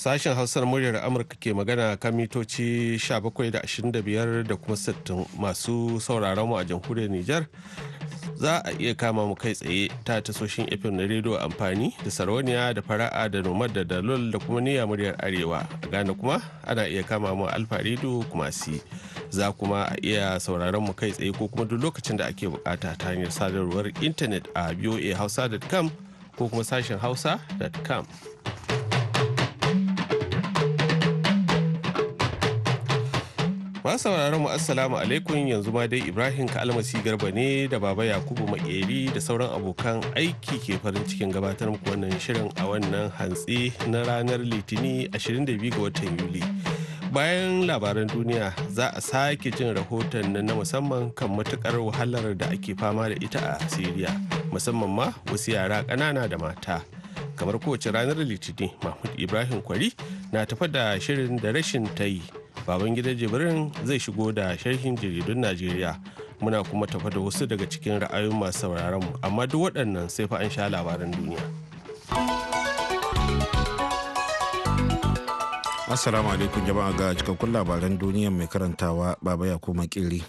Sashen Hausar muryar Amurka ke magana kan mitoci 17.25 da kuma 60 masu sauraron mu a jamhuriyar Nijar. Za a iya kama mu kai tsaye ta tasoshin FM na rediyo amfani da sarauniya da fara'a da nomad da dalol da kuma niyya muryar arewa. A Ghana kuma ana iya kama mu alfa rediyo kuma si. Za kuma a iya sauraron mu kai tsaye ko kuma duk lokacin da ake bukata ta hanyar sadarwar intanet a voahausa.com ko kuma sashen hausa.com. Ma sauraron mu assalamu alaikum yanzu ma dai Ibrahim Kalmasi Garba ne da Baba Yakubu Makeri da sauran abokan aiki ke farin cikin gabatar muku wannan shirin a wannan hantsi na ranar Litini 22 ga watan Yuli. Bayan labaran duniya za a sake jin rahoton nan na musamman kan matukar wahalar da ake fama da ita a Siriya musamman ma wasu yara ƙanana da mata. Kamar kowace ranar Litini Mahmud Ibrahim Kwari na tafa da shirin da rashin ta yi. baban gidan jibrin zai shigo da sharhin jaridun najeriya muna kuma tafa da wasu daga cikin ra'ayoyin masu sauraron mu amma duk waɗannan sai fa an sha labaran duniya assalamu alaikum jama'a ga cikakkun labaran duniya mai karantawa baba ya kiri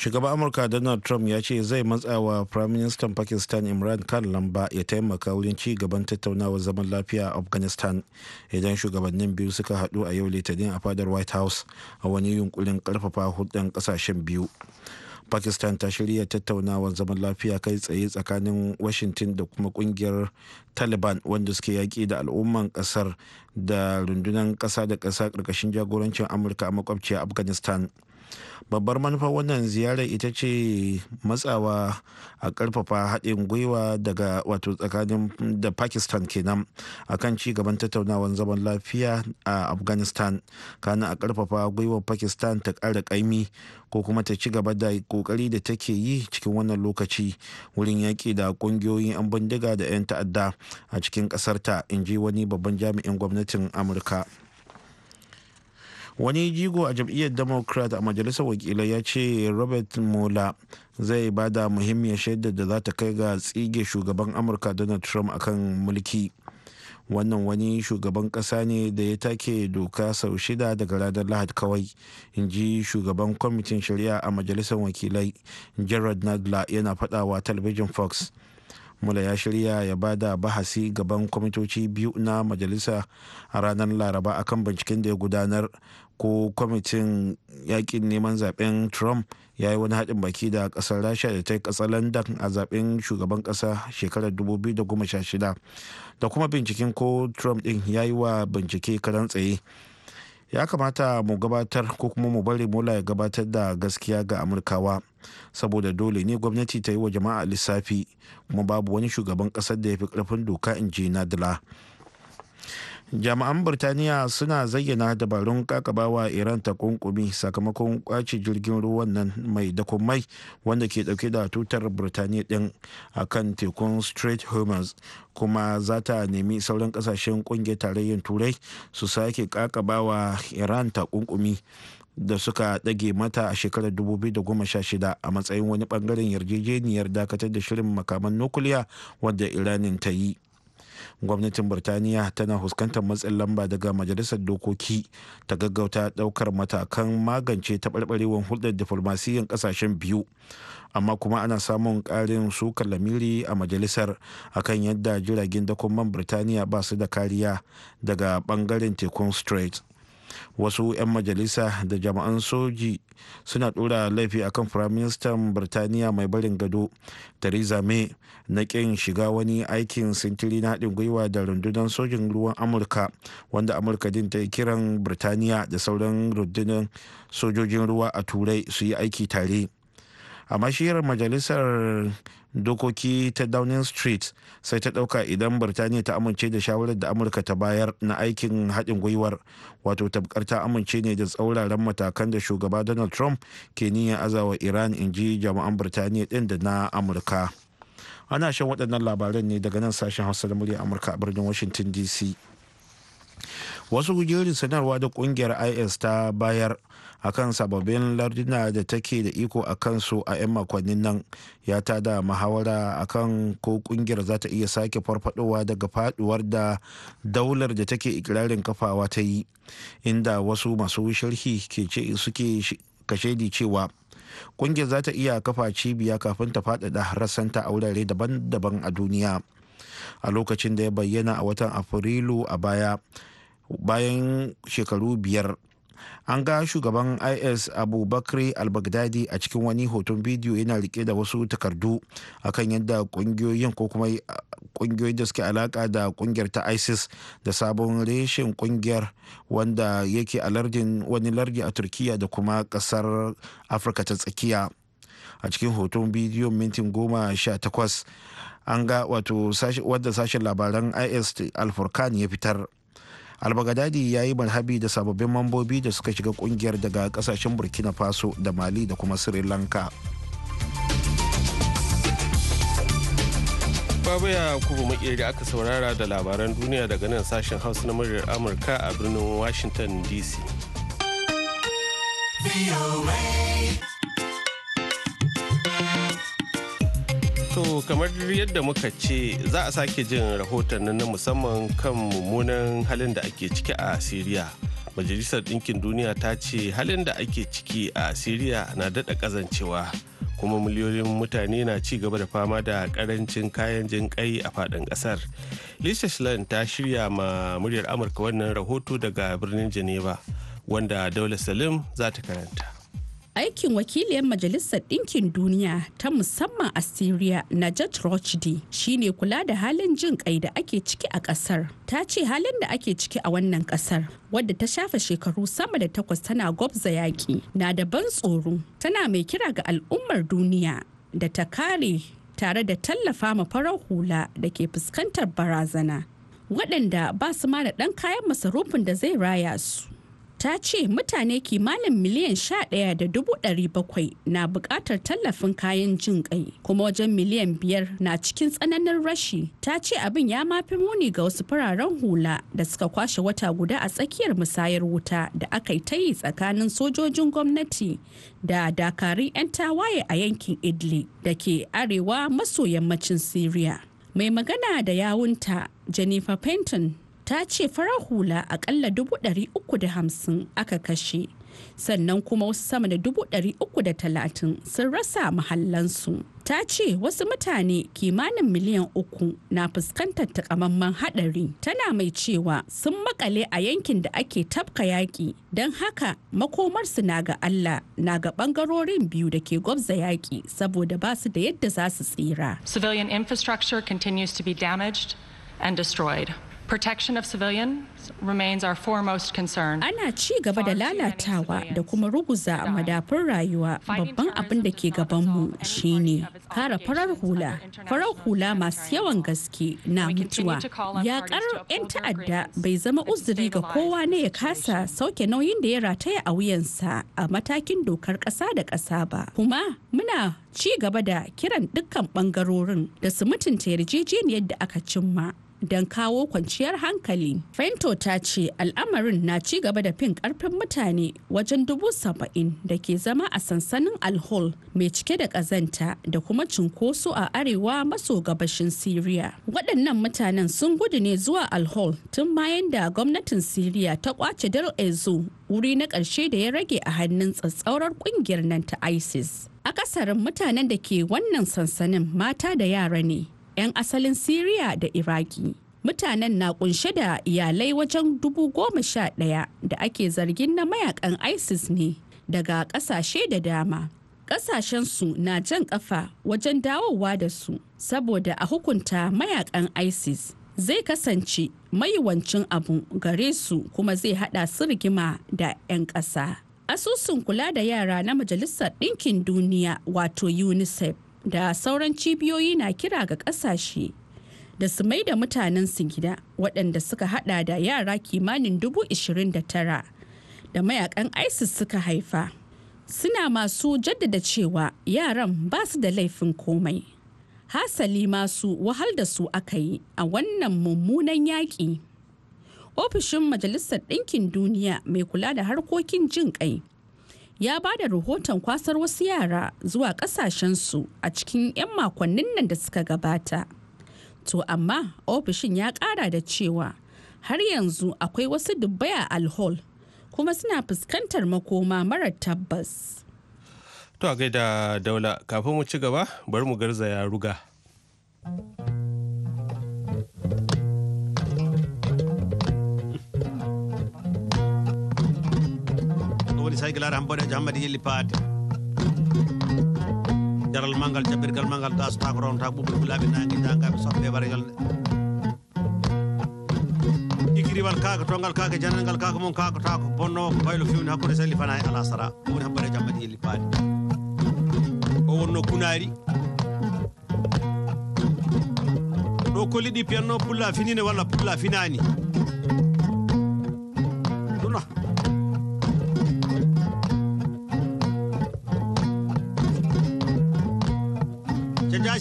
shugaban amurka donald trump ya ce zai matsawa prime minister pakistan imran khan lamba ya taimaka wurin ci gaban tattaunawar zaman lafiya a afghanistan idan shugabannin biyu suka hadu a yau litinin a fadar white house a wani yunkurin karfafa hudun kasashen biyu pakistan ta shirya tattaunawa zaman lafiya kai tsaye tsakanin washington da kuma kungiyar taliban wanda suke yaƙi da al'umman kasar da rundunar kasa da kasa ƙarƙashin jagorancin amurka a afghanistan babbar manufa wannan ziyarar ita ce matsawa a karfafa haɗin gwiwa daga wato tsakanin da pakistan kenan akan ci gaban tattaunawar zaman lafiya a afghanistan kana a karfafa gwiwar pakistan ta ƙara ƙaimi ko kuma ta ci gaba da ƙoƙari da take yi cikin wannan lokaci wurin yaƙi da ƙungiyoyin 'yan bindiga da 'yan ta'adda a cikin ƙasarta in ji wani babban jami'in gwamnatin amurka. wani jigo a jam'iyyar democrat a majalisar wakilai ya ce robert mueller zai bada muhimmiyar shaidar da za ta kai ga tsige shugaban amurka donald trump a kan mulki wannan wani shugaban kasa ne da ya take doka sau shida daga ranar lahad kawai in ji shugaban kwamitin shari'a a majalisar wakilai gerard nadler yana fadawa talabijin fox mula ya shirya ya ba da bahasi gaban kwamitoci biyu na majalisa a ranar laraba akan binciken da ya gudanar ko kwamitin yakin neman zaben trump ya yi wani haɗin baki da ƙasar rasha da ta yi ƙasar london a zaben shugaban ƙasa shekarar 2016 da kuma binciken ko trump ɗin ya yi wa bincike karan tsaye ya kamata mu gabatar ko kuma mu bari mola ya gabatar da gaskiya ga amurkawa saboda dole ne gwamnati ta yi wa jama'a lissafi kuma babu wani shugaban kasar da ya fi karfin doka in ji nadala jami'an birtaniya suna zayyana dabarun kakabawa iran ta kunkumi sakamakon kwaci jirgin ruwan nan mai dakumai wanda ke dauke da tutar birtaniya din a kan tekun strait hermes kuma za ta nemi sauran kasashen kungiyar tarayyar turai su sake kakabawa iran ta kunkumi da suka dage mata a shekarar 2016 a matsayin wani bangaren yarjejeniyar dakatar da shirin makaman nukuliya wanda iranin ta yi gwamnatin birtaniya tana fuskantar matsin lamba daga majalisar dokoki ta gaggauta daukar matakan magance taɓarɓarewar hulɗar diflomasiyyar ƙasashen biyu amma kuma ana samun ƙarin sukar lamiri a majalisar akan yadda jiragen dakon man birtaniya ba su da kariya daga ɓangaren tekun straits wasu 'yan majalisa da jama'an soji suna ɗora laifi a kan firaministan birtaniya mai barin gado theresa may na ƙin shiga wani aikin sintiri na haɗin gwiwa da rundunar sojin ruwan amurka wanda amurka din ta yi kiran birtaniya da sauran rundunar sojojin ruwa a turai su yi aiki tare a mashiyar majalisar dokoki ta downing street sai ta dauka idan birtaniya ta amince da shawarar da amurka ta bayar na aikin haɗin gwiwar wato tabkar ta amince ne da tsauraran matakan da shugaba donald trump ke niyyar azawa iran in ji jami'an birtaniya ɗin da na amurka ana shan waɗannan labaran ne daga nan sashen hausa da murya amurka a birnin washington dc wasu jerin sanarwa da kungiyar is ta bayar akan sababbin larduna da take da iko a kansu a 'yan makonnin nan ya ta da muhawara akan ko kungiyar za ta iya sake farfadowa daga faduwar da daular da take ikirarin kafawa ta yi inda wasu masu sharhi suke kashedi cewa kungiyar za ta iya kafa cibiya kafin ta faɗaɗa rassanta a wurare daban-daban a duniya a lokacin da ya bayyana a watan afrilu a baya bayan shekaru biyar an ga shugaban is abu bakri al-baghdadi a cikin wani hoton bidiyo yana rike da wasu takardu akan yadda kungiyoyin ko kuma kungiyoyin da suke alaka da kungiyar ta isis da sabon reshen kungiyar wanda yake a lardin wani lardi a turkiya da kuma kasar afirka ta tsakiya a cikin hoton bidiyo mintin goma sha takwas an ga wato wadda sashen labaran is alfurkan ya fitar albagadadi ya yi marhabi da sababbin mambobi da suka shiga kungiyar daga kasashen burkina faso da mali da kuma sri lanka babaya kuma makeri aka saurara da labaran duniya daga nan sashen hausa na muryar amurka a birnin washington dc To kamar yadda muka ce za a sake jin rahoton na musamman kan mummunan halin da ake ciki a Siriya. Majalisar Ɗinkin Duniya ta ce halin da ake ciki a Siriya na daɗa ƙazancewa kuma miliyoyin mutane na ci gaba da fama da ƙarancin kayan jin ƙai a faɗin ƙasar. Lisa Schlein ta shirya ma muryar Amurka wannan rahoto daga birnin Geneva wanda Daula Salim za ta karanta. aikin wakiliyar majalisar ɗinkin duniya ta musamman a syria najat rochdi shine kula da halin jin ƙai da ake ciki a ƙasar ta ce halin da ake ciki a wannan ƙasar wadda ta shafe shekaru sama da takwas tana gwabza yaƙi na da ban tsoro tana mai kira ga al'ummar duniya da ta kare tare da tallafa ma farar hula da ke fuskantar barazana waɗanda ba su ma da ɗan kayan masarufin da zai raya su ta ce mutane kimanin miliyan sha ɗaya da dubu ɗari bakwai na bukatar tallafin kayan jin kai kuma wajen miliyan biyar na cikin tsananin rashi ta ce abin ya mafi muni ga wasu fararen hula da suka kwashe wata guda a tsakiyar musayar wuta da aka yi ta yi tsakanin sojojin gwamnati da dakarun 'yan tawaye a yankin idli da ke arewa maso yammacin syria mai magana da yawunta jennifer penton ta ce farar hula akalla 350 aka kashe sannan kuma wasu sama da 330 sun rasa mahallansu ta ce wasu mutane kimanin miliyan uku na fuskantar takamaiman hadari tana mai cewa sun makale a yankin da ake tabka yaƙi don haka makomarsu na ga allah na ga bangarorin biyu da ke gwabza yaƙi saboda ba su da yadda za su tsira civilian infrastructure continues to be damaged and destroyed Protection of civilians remains our foremost concern. Ana ci gaba da lalatawa da kuma ruguza madafun rayuwa babban abin da ke gabanmu shine kare farar hula. Farar hula masu yawan gaske na mutuwa. Yakar 'yan ta'adda bai zama uzuri ga kowa ne ya kasa sauke nauyin da ya rataya a wuyansa a matakin dokar ƙasa da ƙasa ba. Kuma muna ci gaba da kiran dukkan ɓangarorin da su mutunta yarjejeniyar da aka cimma. don kawo kwanciyar hankali. Fento ta ce al'amarin na ci gaba da fin karfin mutane wajen dubu saba'in da ke zama a sansanin alhol mai cike da kazanta da kuma cinkoso a arewa maso gabashin Siriya. Waɗannan mutanen sun gudu ne zuwa alhol tun bayan da gwamnatin Siriya ta kwace Dar wuri na ƙarshe da ya rage a hannun tsatsaurar ƙungiyar nan ta ISIS. Akasarin mutanen da ke wannan sansanin mata da yara ne. 'yan asalin Siriya da Iraki. Mutanen na kunshe da iyalai wajen dubu goma sha ɗaya da ake zargin na mayakan ISIS ne daga ƙasashe da dama. Ƙasashensu na jan ƙafa wajen dawowa da su saboda a hukunta mayakan ISIS. zai kasance mayuwancin abu gare su kuma zai hada su rigima da 'yan ƙasa. Asusun kula da yara na Majalisar Ɗinkin Duniya wato UNICEF da sauran cibiyoyi na kira ga kasashe da su mai da mutanen su gida waɗanda suka hada da yara kimanin dubu ishirin da tara da mayakan isis suka haifa suna masu jaddada cewa yaran ba su da laifin komai hasali masu wahal da su aka yi a wannan mummunan yaƙi ofishin majalisar ɗinkin duniya mai kula da harkokin jin ƙai ya ba da rahoton kwasar wasu yara zuwa kasashensu a cikin 'yan makonnin nan da suka gabata. To amma ofishin ya kara da cewa har yanzu akwai wasu dubbai a alhol kuma suna fuskantar makoma mara tabbas. To a gaida daula kafin mu ci gaba bari mu garzaya ruga. regular ambode jamma di yelli paade jaral mangal jabbirgal mangal dasata ko ronta ɓuɓɓe fulaaɓe nangue jangaɓe soppe wargal ikiri wal kaaka tongal kaaka janangal kaaka mum kakata ko bonno ko baylo fewni hakore salli fanay ala sara ɗum woni hambode jamma yeli pat o wonno kunari do kolli ɗi piyanno pulla finine wala pulla finani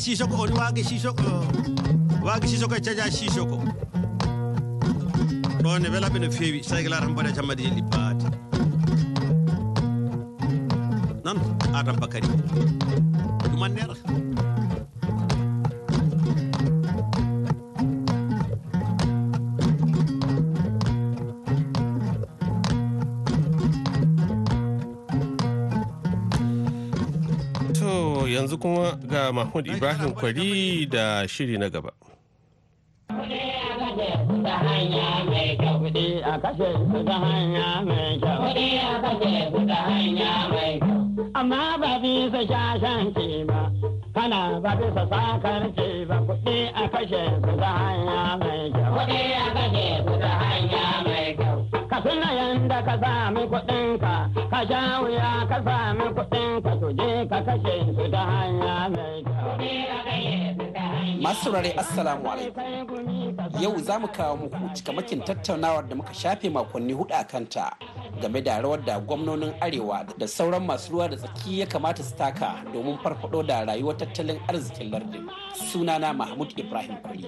sisoko on oh, waage sisoko waage sisoko e caja sisoko ɗon e welaɓe no feewi saygalata tan mbaɗe jammadi helli baati nan adam bakary ɗuman nera kuma ga Mahmud Ibrahim Kwari da shiri na gaba. Amma ba bisa shashan ke ba, kana ba bisa sakar ke ba, kuɗi a kashe su ta hanya mai kyau. Kuɗi a kashe su ta hanya mai suna ka sami kuɗinka ka sha wuya ka sami kuɗinka su je ka kashe su ta hanya mai Masu saurare Assalamu alaikum. Yau za mu kawo muku cikamakin tattaunawar da muka shafe makonni hudu a kanta game da rawar da gwamnonin Arewa da sauran masu ruwa da tsaki ya kamata su taka domin farfado da rayuwar tattalin arzikin lardin. Sunana Mahmud Ibrahim kuri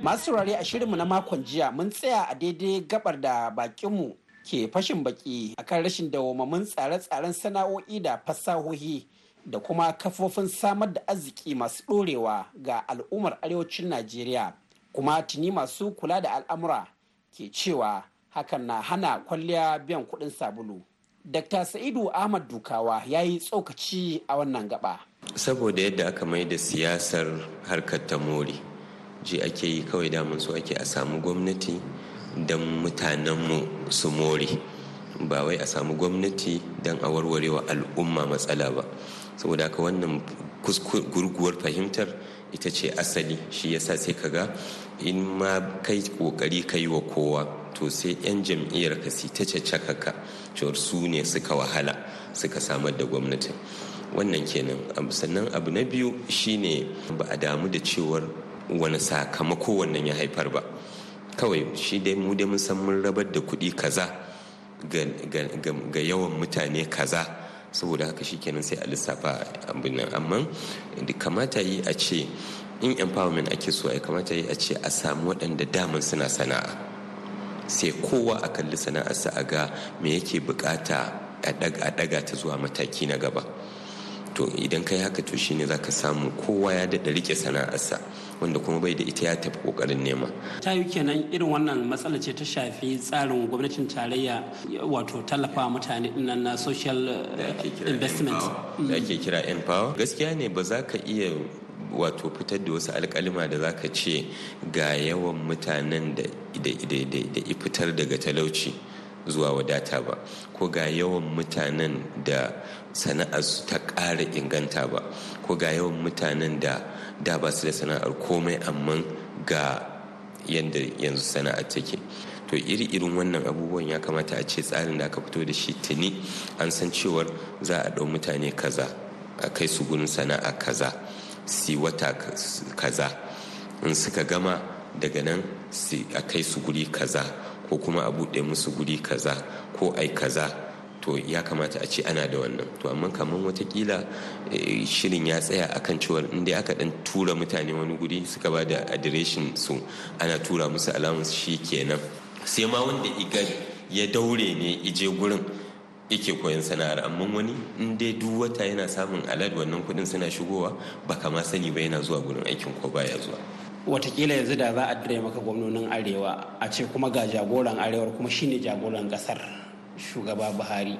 masu saurare a shirinmu na makon jiya mun tsaya a daidai gabar da bakinmu ke fashin baki akan rashin dawwammamin tsare-tsaren sana'o'i da fasahohi da kuma kafofin samar da arziki masu ɗorewa ga al'ummar arewacin najeriya kuma tuni masu kula da al'amura ke cewa hakan na hana kwalliya biyan kuɗin sabulu dr sa'idu ahmad dukawa ya yi tsokaci a wannan gaba saboda yadda aka mai da siyasar harkar ta more je ake yi kawai damun su ake a samu gwamnati don mutanenmu su more ba wai a samu gwamnati don a warware al'umma matsala ba saboda haka wannan gurguwar fahimtar ita ce asali shi yasa sai ka ga in ma kai kokari ka yi wa kowa to sai 'yan jam'iyyar ka si ta ka cewar su ne suka wahala suka samar da gwamnati wannan kenan sannan abu na biyu shine ba a damu da cewar wani sakamako wannan ya haifar ba kawai shi dai mu dai mun mun rabar da kuɗi kaza ga yawan mutane kaza saboda haka shi kenan sai a lissafa abin nan amma kamata yi a ce in empowerment ake so ya kamata yi a ce a samu waɗanda daman suna sana'a sai kowa a kalli sana'arsa a ga me yake bukata a daga ta zuwa mataki na gaba. to idan kai haka to shine za ka samu kowa ya daɗa rike sana'arsa wanda kuma bai da ita ya tafi kokarin nema ta yi kenan irin wannan matsala ce ta shafi tsarin gwamnatin tarayya wato tallafa mutane dinnan na social eh, investment da mm. ake kira empower gaskiya ne ba za ka iya wato fitar da wasu alkalima da za ka ce ga yawan mutanen da fitar daga talauci zuwa wadata ba ko ga yawan mutanen da sana'ar su ta ƙara inganta ba ko ga yawan mutanen da da ba su da sana'ar komai amma ga yadda yanzu sana'a take to iri-irin wannan abubuwan ya kamata a ce tsarin da aka fito da shi tuni an san cewar za a ɗau mutane kaza a kai su gudun sana'a kaza si wata kaza in suka gama daga nan a kai su guri kaza ko kuma a buɗe musu guri kaza ko ai kaza to ya kamata a ce ana da wannan to amma kamar watakila eh, shirin ya tsaya a kan cewa inda aka dan tura mutane wani guri suka ba da adireshin su ana tura musu alamun shi kenan sai ma wanda igar ya daure ne ije gurin yake koyon sana'ar amma wani in dai duk wata yana samun alad wannan kudin suna shigowa ba kama sani ba yana zuwa gurin aikin ko baya zuwa watakila yanzu da za a dire maka gwamnonin arewa a ce kuma ga jagoran arewar kuma shine jagoran kasar shugaba buhari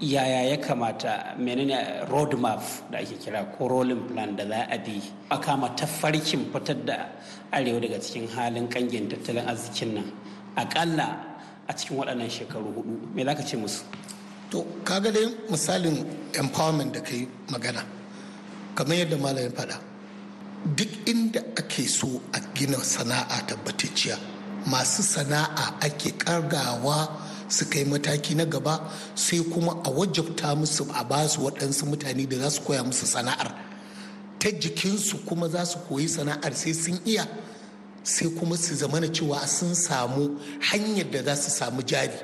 yaya ya kamata menene road map da ake kira ko rolling plan da za a bi a kama ta farkin fitar da arewa daga cikin halin kangin tattalin arzikin nan akalla a cikin waɗannan shekaru hudu me za ka ce musu to kaga dai misalin empowerment da ka magana kamar yadda malamin faɗa duk inda ake so a gina sana'a tabbatacciya masu sana'a ake kargawa su yi mataki na gaba sai kuma a wajabta musu a ba su waɗansu mutane da za su koya musu sana'ar ta jikinsu kuma za su koyi sana'ar sai sun iya sai kuma su zamana cewa sun samu hanyar da za su samu jari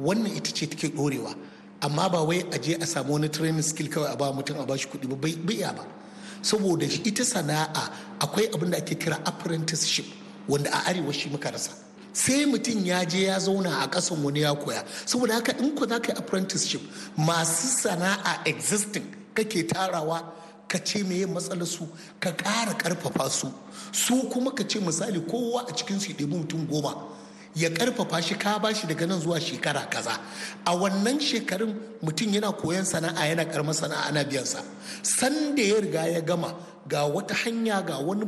wannan ita ce take ɗorewa amma ba wai a je a samu wani training skill kawai a ba mutum a ba shi kuɗi ba bai iya ba saboda ita sana'a akwai abin da ake kira apprenticeship wanda a arewa shi muka rasa sai mutum ya je ya zauna a ƙasan wani ya koya saboda haka in ku za ka yi apprenticeship masu sana'a existing kake tarawa ka ce me yin matsalar su ka ƙara ƙarfafa su su kuma ka ce misali kowa a cikin su ɗebi mutum goma ya ƙarfafa shi ka ba shi daga nan zuwa shekara kaza a wannan shekarun mutum yana koyon sana'a yana karamar sana'a ana biyansa sanda ya riga ya gama ga wata hanya ga wani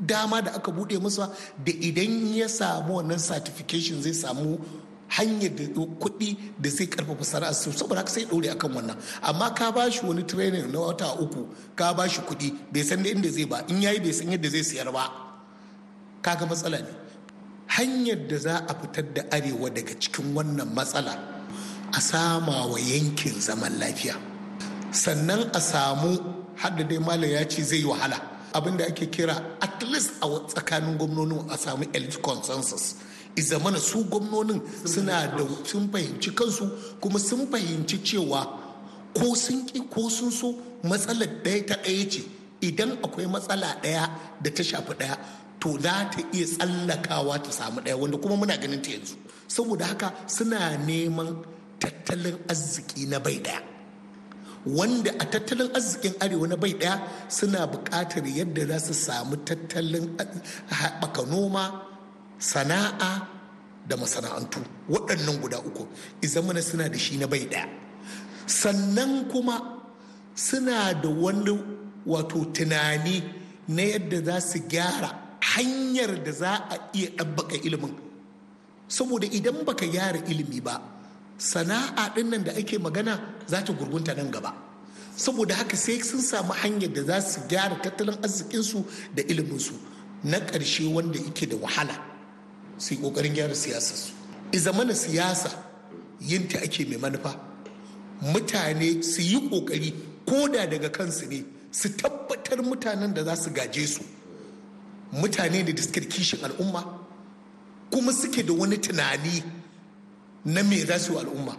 dama da aka bude masa da idan ya samu wannan certification zai samu hanyar da kuɗi da zai karfafa sana'ar su saboda haka sai ɗore akan wannan amma ka ba shi wani training na wata uku ka ba shi kuɗi bai san da inda zai ba in yayi bai san yadda zai siyar ba kaga matsala ne hanyar da za a fitar da arewa daga cikin wannan matsala a sama wa yankin zaman lafiya sannan a samu hadda dai malam ya ce zai yi wahala abin da ake kira at least a tsakanin gwamnonin a samu elite consensus izamana su gwamnonin suna da sun fahimci kansu kuma sun fahimci cewa ko sun ki ko sun so matsalar ɗaya ta ɗaya ce idan akwai matsala ɗaya da ta shafi ɗaya to za ta iya tsallakawa ta samu ɗaya wanda kuma muna ganin ta yanzu saboda haka suna neman tattalin arziki na bai ɗaya wanda a tattalin arzikin arewa na bai daya suna buƙatar yadda za su samu tattalin haɓaka noma sana'a da masana'antu waɗannan guda uku izamana suna da shi na bai daya sannan kuma suna da wani wato tunani na yadda za su gyara hanyar da za a iya ɗabbaka ilimin saboda idan baka gyara ilimi ba sana'a dinnan da ake magana za ta gurgunta nan gaba saboda haka sai sun samu hanyar da za su gyara tattalin arzikinsu da iliminsu na ƙarshe wanda yake da wahala sai ƙoƙarin gyara siyasarsu mana siyasa yinta ake mai manufa mutane su yi ƙoƙari ko da daga kansu ne su tabbatar mutanen da za su gaje su mutane da da suke da kishin al'umma kuma suke da wani tunani na me za su al'umma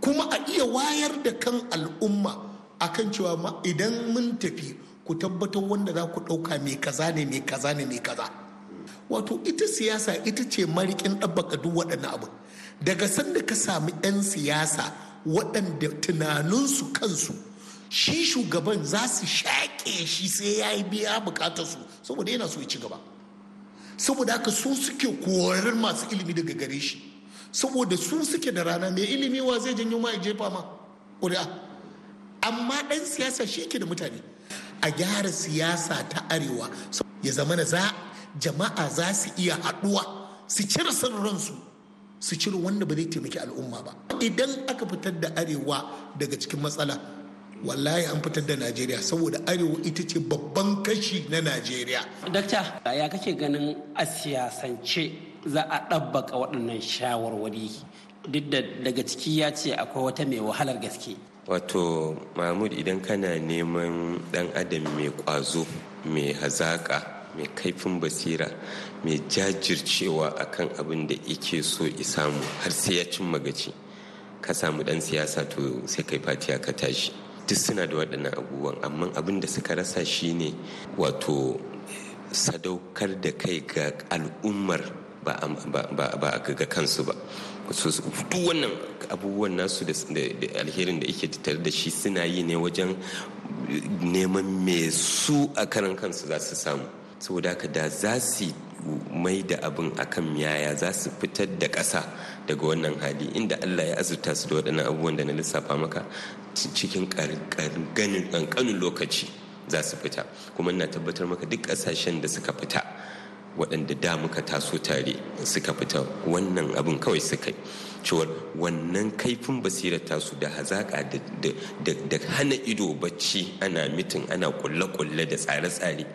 kuma a iya wayar da kan al'umma a kan cewa idan mun tafi ku tabbatar wanda za ku ɗauka mai kaza ne mai kaza ne mai kaza wato ita siyasa ita ce marikin ɗabbaka duk waɗannan abu daga sanda ka samu 'yan siyasa waɗanda tunaninsu kansu shi shugaban za su shaƙe shi sai ya yi biya bukatarsu saboda yana so ya ci gaba saboda haka su suke korar masu ilimi daga gare shi saboda su suke da rana mai ilimi wa zai janyo ma jefa ma ƙuri'a amma ɗan siyasa shi ke da mutane a gyara siyasa ta arewa ya zama na za jama'a za su iya haɗuwa su cire son su cire wanda ba zai taimaki al'umma ba idan aka fitar da arewa daga cikin matsala wallahi an fitar da najeriya saboda arewa ita ce babban kashi na najeriya dakta ya kake ganin a siyasance za a ɗabbaka waɗannan shawarwari duk da daga ciki ya ce akwai wata mai wahalar gaske wato mahmud idan kana neman ɗan adam mai ƙwazo mai hazaƙa mai kaifin basira mai jajircewa akan abin da yake so samu har sai ya cin magaci ka samu dan siyasa to sai kai fatiya ka tashi duk suna da waɗannan abubuwan amma abin da suka rasa shine wato sadaukar da kai ga al'ummar ba a ga kansu ba su duk wannan abubuwan nasu da alherin da yake tattare da shi suna yi ne wajen neman mai su a karan kansu za su samu saboda haka da za su mai da abin akan yaya za su fitar da ƙasa daga wannan hali inda allah ya azurta su da waɗannan abubuwan da na lissafa maka cikin ƙanƙanin lokaci za su fita kuma ina tabbatar maka duk ƙasashen da suka fita waɗanda da muka taso tare suka fita wannan abin kawai suka cewa cewar wannan kaifin basirar tasu da hazaƙa da hana ido bacci ana mitin ana kulle-kulle da tsare-tsare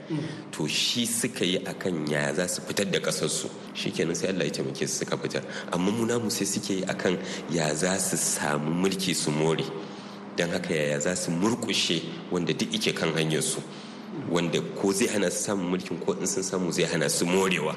to shi suka yi akan ya za su fitar da ƙasarsu shi kenan sai Allah ya taimake su suka fitar amma muna mu sai suke yi akan ya za su samu mulki su more don haka ya za su murƙushe wanda duk ike kan hanyarsu wanda ko zai hana su samun mulkin ko in sun samu zai hana su morewa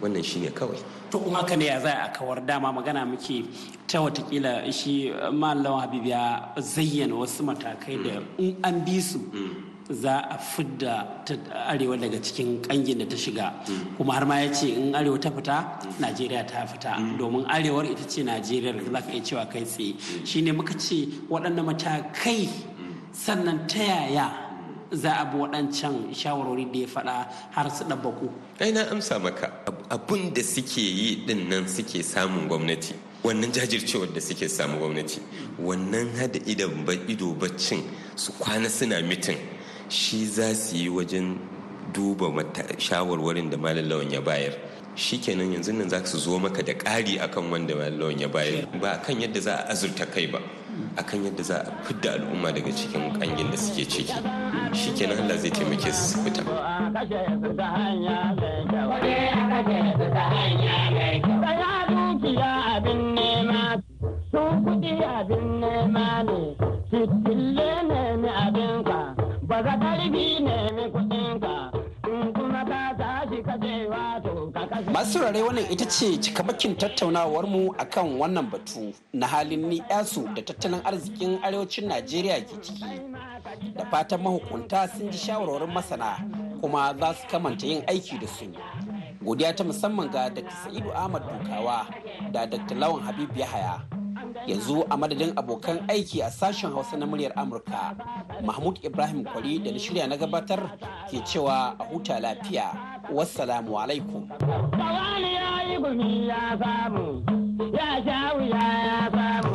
wannan shine kawai to kuma haka ne ya za a kawar dama magana muke ta watakila shi eh, mallawa habib ya zayyana wasu matakai da in an bi su mm. za a fidda ta arewa daga cikin kangin da ta shiga mm. kuma har ma ya ce in arewa ta fita mm. najeriya ta fita domin arewar ita ce najeriya za ka iya cewa kai tsaye shine muka ce waɗannan matakai sannan ta yaya za a bi waɗancan shawarwari da ya faɗa har su ɗabbaku. ai na amsa maka abun da suke yi ɗin nan suke samun gwamnati wannan jajircewar da suke samun gwamnati wannan hada idan ido baccin su kwana suna mitin shi za su yi wajen duba shawarwarin da malam lawan ya bayar shikenan yanzu nan za su zo maka da ƙari akan wanda lawan ya bayar ba kan yadda za a azurta kai ba kan yadda za a fidda al'umma daga cikin kangin da suke ciki shikenan Allah zai taimake su su fita Ba za ne mi kuɗinka. Masu saurare wannan ita ce cikamakin tattaunawar mu akan wannan batu na halin ni yasu da tattalin arzikin arewacin Najeriya ke ciki. Da fatan mahukunta sun ji shawarwarin masana kuma za su kamanta yin aiki da su. Godiya ta musamman ga Dr. Sa'idu Ahmad Dukawa da Dr. Lawan Habib Yahaya. Yanzu a madadin abokan aiki a sashen Hausa na muryar Amurka, Mahmud Ibrahim Kwari da na shirya na gabatar ke cewa a huta lafiya. wassalamu alaikum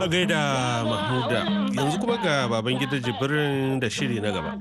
a gaida mahmuda yanzu kuma ga baban gida jibirin da shiri na gaba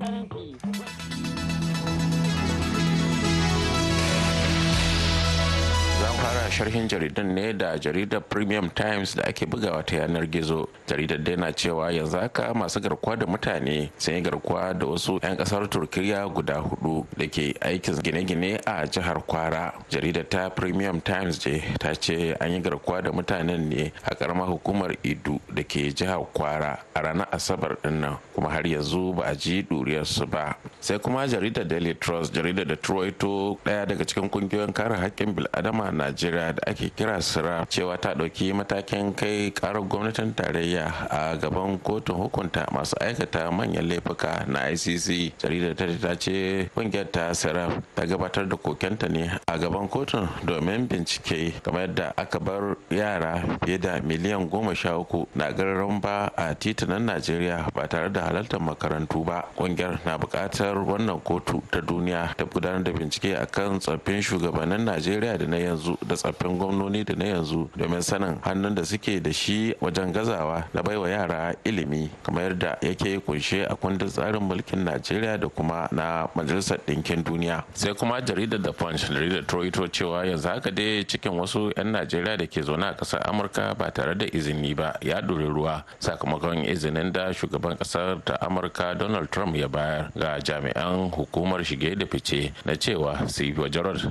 sharhin jaridan ne da jaridar premium times da ake bugawa ta yanar gizo jaridar dai na cewa yanzu haka masu garkuwa da mutane sun yi garkuwa da wasu 'yan kasar turkiya guda hudu da ke aikin gine-gine a jihar kwara jaridar ta premium times je ta ce an yi garkuwa da mutanen ne a karamar hukumar idu da ke jihar kwara a ranar asabar dinnan kuma har yanzu ba a ji duriyarsu ba sai kuma jaridar daily trust jaridar da troito daya daga cikin kungiyoyin kare haƙƙin bil'adama najeriya najeriya da ake kira sira cewa ta ɗauki matakin kai karar gwamnatin tarayya a gaban kotun hukunta masu aikata manyan laifuka na icc jaridar ta ta ce kungiyar ta sira ta gabatar da kokenta ne a gaban kotun domin bincike kamar yadda aka bar yara fiye da miliyan goma sha uku na garin ba a titunan najeriya ba tare da halartar makarantu ba ƙungiyar na buƙatar wannan kotu ta duniya ta gudanar da bincike akan tsoffin shugabannin najeriya da na yanzu da tsaffin gwamnoni da na yanzu domin sanin hannun da suke da shi wajen gazawa da baiwa yara ilimi kamar yadda yake kunshe a kundin tsarin mulkin najeriya da kuma na majalisar ɗinkin duniya sai kuma jaridar da punch jaridar troito cewa yanzu haka dai cikin wasu 'yan najeriya da ke zaune a ƙasar amurka ba tare da izini ba ya ɗori ruwa sakamakon izinin da shugaban ƙasar ta amurka donald trump ya bayar ga jami'an hukumar shige da fice na cewa su yi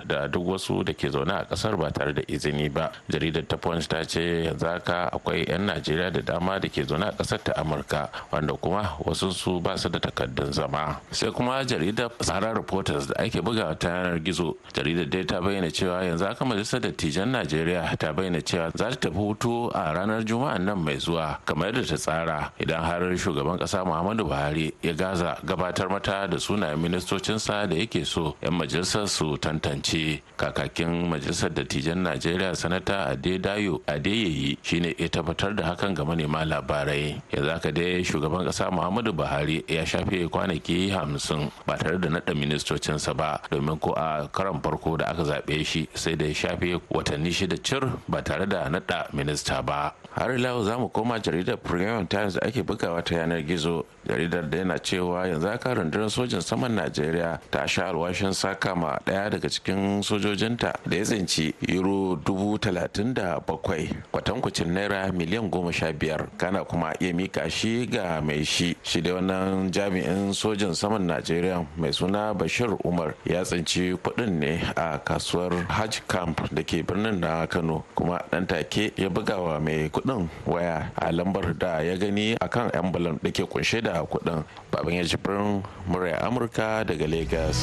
da duk wasu da ke zaune a ƙasar ba tare tare da izini ba jaridar ta punch ta ce yanzu haka akwai 'yan najeriya da dama da ke zaune a ƙasar ta amurka wanda kuma wasu su ba su da takardun zama sai kuma jaridar sahara reporters da ake buga ta yanar gizo jaridar dai ta bayyana cewa yanzu haka majalisar dattijan najeriya ta bayyana cewa za ta tafi hutu a ranar Juma'a nan mai zuwa kamar yadda ta tsara idan har shugaban ƙasa muhammadu buhari ya gaza gabatar mata da sunayen ministocinsa da yake so 'yan majalisar su tantance kakakin majalisar dattijan wajen najeriya sanata adedayo adeyeye shine ya tabbatar da hakan ga manema labarai yanzu haka dai shugaban kasa muhammadu buhari ya shafe kwanaki hamsin ba tare da naɗa ministocinsa ba domin ko a karan farko da aka zaɓe shi sai da ya shafe watanni shida cir ba tare da naɗa minista ba har ila za mu koma jaridar premium times da ake bugawa ta yanar gizo jaridar da yana cewa yanzu aka rundunar sojin saman najeriya ta sha alwashin saka ma daya daga cikin sojojinta da ya tsinci euro dubu talatin da bakwai kwatankwacin naira miliyan goma sha biyar kana kuma iya mika shi ga mai shi shi da wannan jami'in sojin saman najeriya mai suna bashir umar ya tsinci kuɗin ne a kasuwar hajj camp da ke birnin na kano kuma dan take ya buga wa mai kuɗin waya a lambar da ya gani a kan ambulan da ke kunshe da kuɗin baban ya jibrin murya amurka daga lagos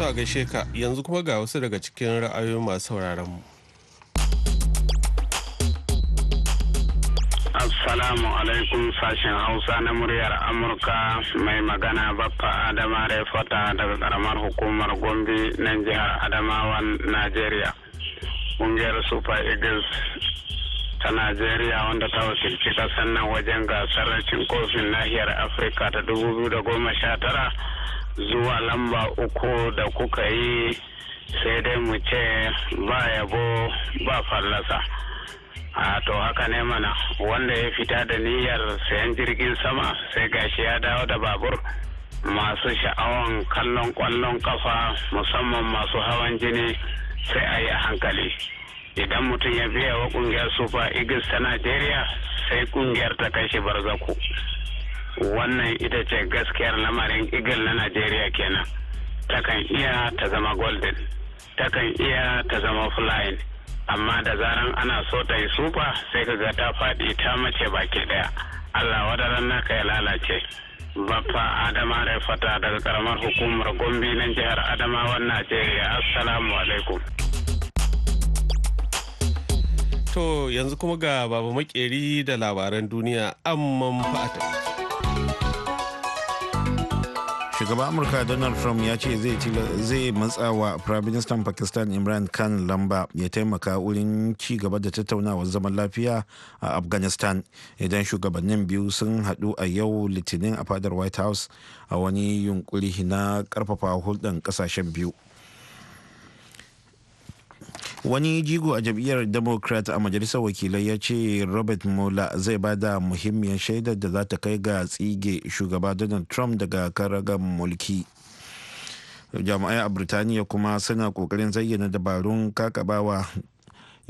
To a gaishe ka yanzu kuma ga wasu daga cikin ra'ayoyin masu sauraron mu. Assalamu alaikum sashen Hausa na muryar Amurka mai magana Baffa Adama fata daga karamar hukumar Gombe na jihar Adamawan Najeriya. Ƙungiyar Super Eagles ta Najeriya wanda ta wakilci kasar nan wajen gasar cin kofin nahiyar Afirka ta 2019 zuwa lamba uku da kuka yi sai dai mu ce ba yabo ba fallasa a to haka ne mana wanda ya fita da niyyar sayan jirgin sama sai gashi ya dawo da babur masu sha'awan kallon kwallon kafa musamman masu hawan jini sai a yi hankali idan mutum ya biya wa kungiyar super eagles ta nigeria sai kungiyar ta kai shi barzaku wannan ita ce gaskiyar lamarin igil na najeriya kenan takan iya ta zama golden takan iya ta zama flying amma da zaran ana so ta yi sufa sai kaga ta faɗi ta mace baki ɗaya allah wadaran na ya lalace bafa adama da fata daga karamar hukumar gombe na jihar adamawan najeriya assalamu alaikum to yanzu kuma ga babu makeri da labaran duniya amman fata. shugaban amurka donald trump ya ce zai matsa wa prime minister pakistan imran khan lamba ya taimaka wurin ci gaba da tattaunawar zaman lafiya a afghanistan idan shugabannin biyu sun hadu a yau litinin a fadar white house a wani yunkuri na karfafa hulɗar kasashen biyu wani jigo a jam'iyyar democrat a majalisar wakilai ya ce robert mueller zai ba da muhimmiyar shaidar da za ta kai ga tsige shugaba donald trump daga karagan mulki jami'ai a birtaniya kuma suna kokarin zayyana dabarun kakabawa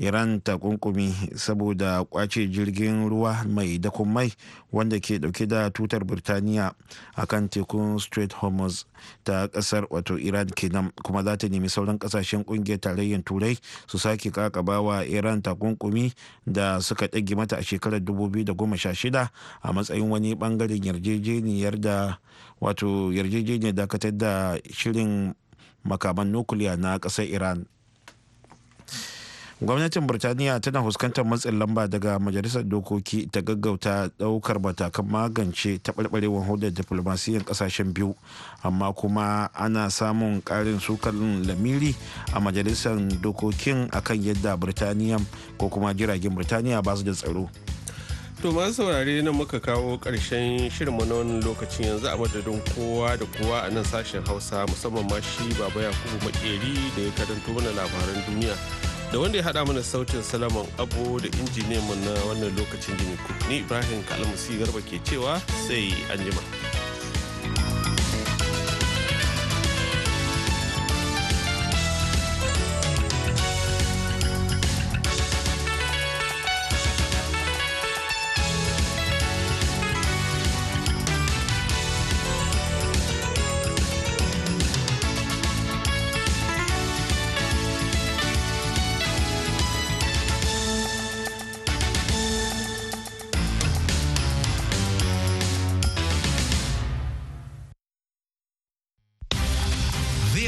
iran ta kunkumi saboda kwace jirgin ruwa mai dakon mai wanda ke dauke da tutar birtaniya a kan tekun strait hormuz ta kasar wato iran kenan kuma za ta nemi sauran kasashen kungiyar tarayyar turai su sake kakaba wa iran takunkumi da suka ɗage mata a shekarar 2016 a matsayin wani bangaren yarjejeniyar da wato yarjejeniyar dakatar da shirin makaman nukuliya na ƙasar iran gwamnatin birtaniya tana fuskantar matsin lamba daga majalisar dokoki ta gaggauta daukar matakan magance taɓarɓarewar hudar diflomasiyyar ƙasashen biyu amma kuma ana samun ƙarin sukan lamiri a majalisar dokokin akan yadda birtaniya ko kuma jiragen birtaniya ba su da tsaro To masu saurare nan muka kawo ƙarshen shirin na wannan lokacin yanzu a madadin kowa da kowa a nan sashen Hausa musamman ma shi Baba Yakubu Makeri da ya karanto mana labaran duniya. da wanda ya haɗa mana sautin salaman abu da injiniyanmu na wannan lokacin jini ni ibrahim kalmasi garba ke cewa sai anjima.